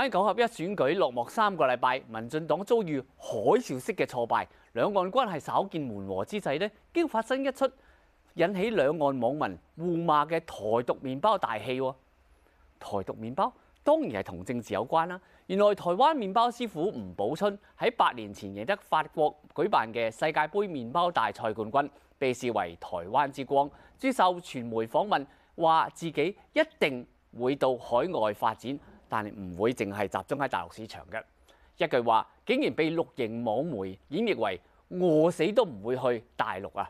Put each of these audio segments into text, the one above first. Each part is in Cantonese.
喺九合一選舉落幕三個禮拜，民進黨遭遇海嘯式嘅挫敗，兩岸關係稍見緩和之際呢，竟發生一出引起兩岸網民互罵嘅台獨麵包大戲。台獨麵包當然係同政治有關啦、啊。原來台灣麵包師傅吳寶春喺八年前贏得法國舉辦嘅世界盃麵包大賽冠軍，被視為台灣之光。接受傳媒訪問話：自己一定會到海外發展。但唔會淨係集中喺大陸市場嘅，一句話竟然被綠營網媒演繹為餓死都唔會去大陸啊！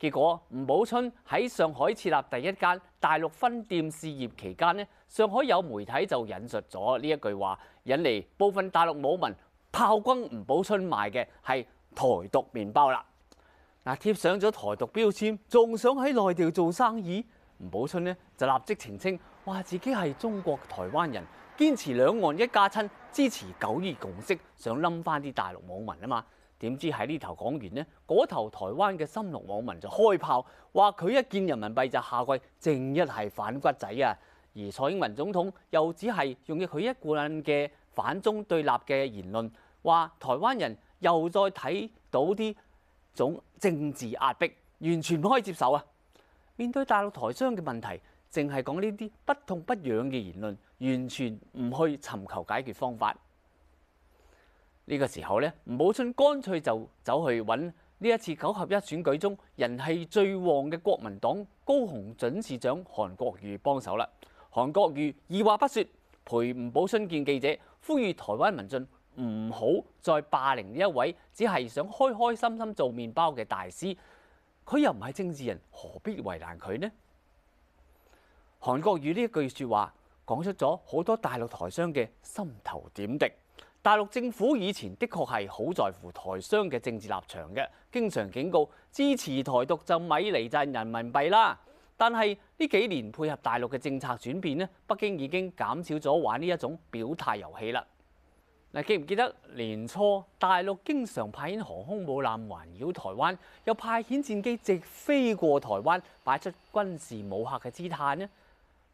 結果吳寶春喺上海設立第一間大陸分店事業期間呢，上海有媒體就引述咗呢一句話，引嚟部分大陸網民炮轟吳寶春賣嘅係台獨麵包啦。嗱，貼上咗台獨標籤，仲想喺內地做生意，吳寶春呢就立即澄清，話自己係中國台灣人。堅持兩岸一家親，支持九二共識，想冧翻啲大陸網民啊嘛？點知喺呢頭講完呢，嗰頭台灣嘅深綠網民就開炮，話佢一見人民幣就下跪，正一係反骨仔啊！而蔡英文總統又只係用佢一貫嘅反中對立嘅言論，話台灣人又再睇到啲種政治壓迫，完全唔可以接受啊！面對大陸台商嘅問題。淨係講呢啲不痛不癢嘅言論，完全唔去尋求解決方法。呢個時候咧，吳寶春乾脆就走去揾呢一次九合一選舉中人氣最旺嘅國民黨高雄準市長韓國瑜幫手啦。韓國瑜二話不說，陪吳寶春見記者，呼籲台灣民進唔好再霸凌呢一位只係想開開心心做麵包嘅大師。佢又唔係政治人，何必為難佢呢？韓國瑜呢一句説話講出咗好多大陸台商嘅心頭點滴。大陸政府以前的確係好在乎台商嘅政治立場嘅，經常警告支持台獨就咪嚟賺人民幣啦。但係呢幾年配合大陸嘅政策轉變咧，北京已經減少咗玩呢一種表態遊戲啦。嗱，記唔記得年初大陸經常派遣航空母艦環繞台灣，又派遣戰機直飛過台灣，擺出軍事武嚇嘅姿態呢？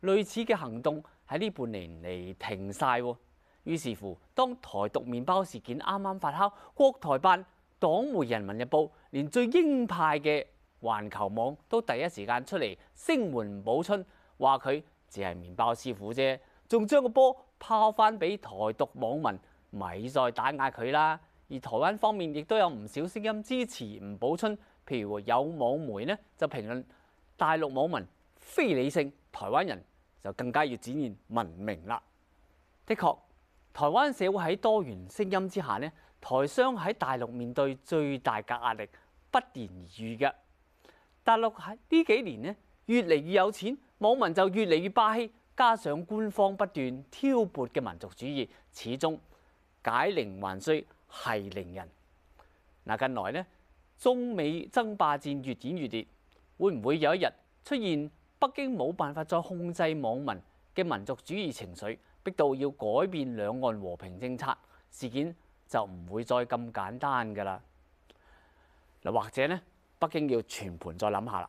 類似嘅行動喺呢半年嚟停曬。哦，於是乎當台獨麵包事件啱啱發酵，國台辦、黨媒《人民日報》，連最鷹派嘅《環球網》都第一時間出嚟聲援吳寶春，話佢只係麵包師傅啫，仲將個波拋翻俾台獨網民，咪再打壓佢啦。而台灣方面亦都有唔少聲音支持吳寶春，譬如有網媒呢就評論大陸網民非理性。台灣人就更加要展現文明啦。的確，台灣社會喺多元聲音之下呢，台商喺大陸面對最大嘅壓力，不言而喻嘅。大陸喺呢幾年呢，越嚟越有錢，網民就越嚟越霸氣，加上官方不斷挑撥嘅民族主義，始終解鈴還須繫鈴人。嗱，近來呢，中美爭霸戰越演越烈，會唔會有一日出現，北京冇辦法再控制網民嘅民族主義情緒，逼到要改變兩岸和平政策，事件就唔會再咁簡單㗎喇。或者呢，北京要全盤再諗下喇。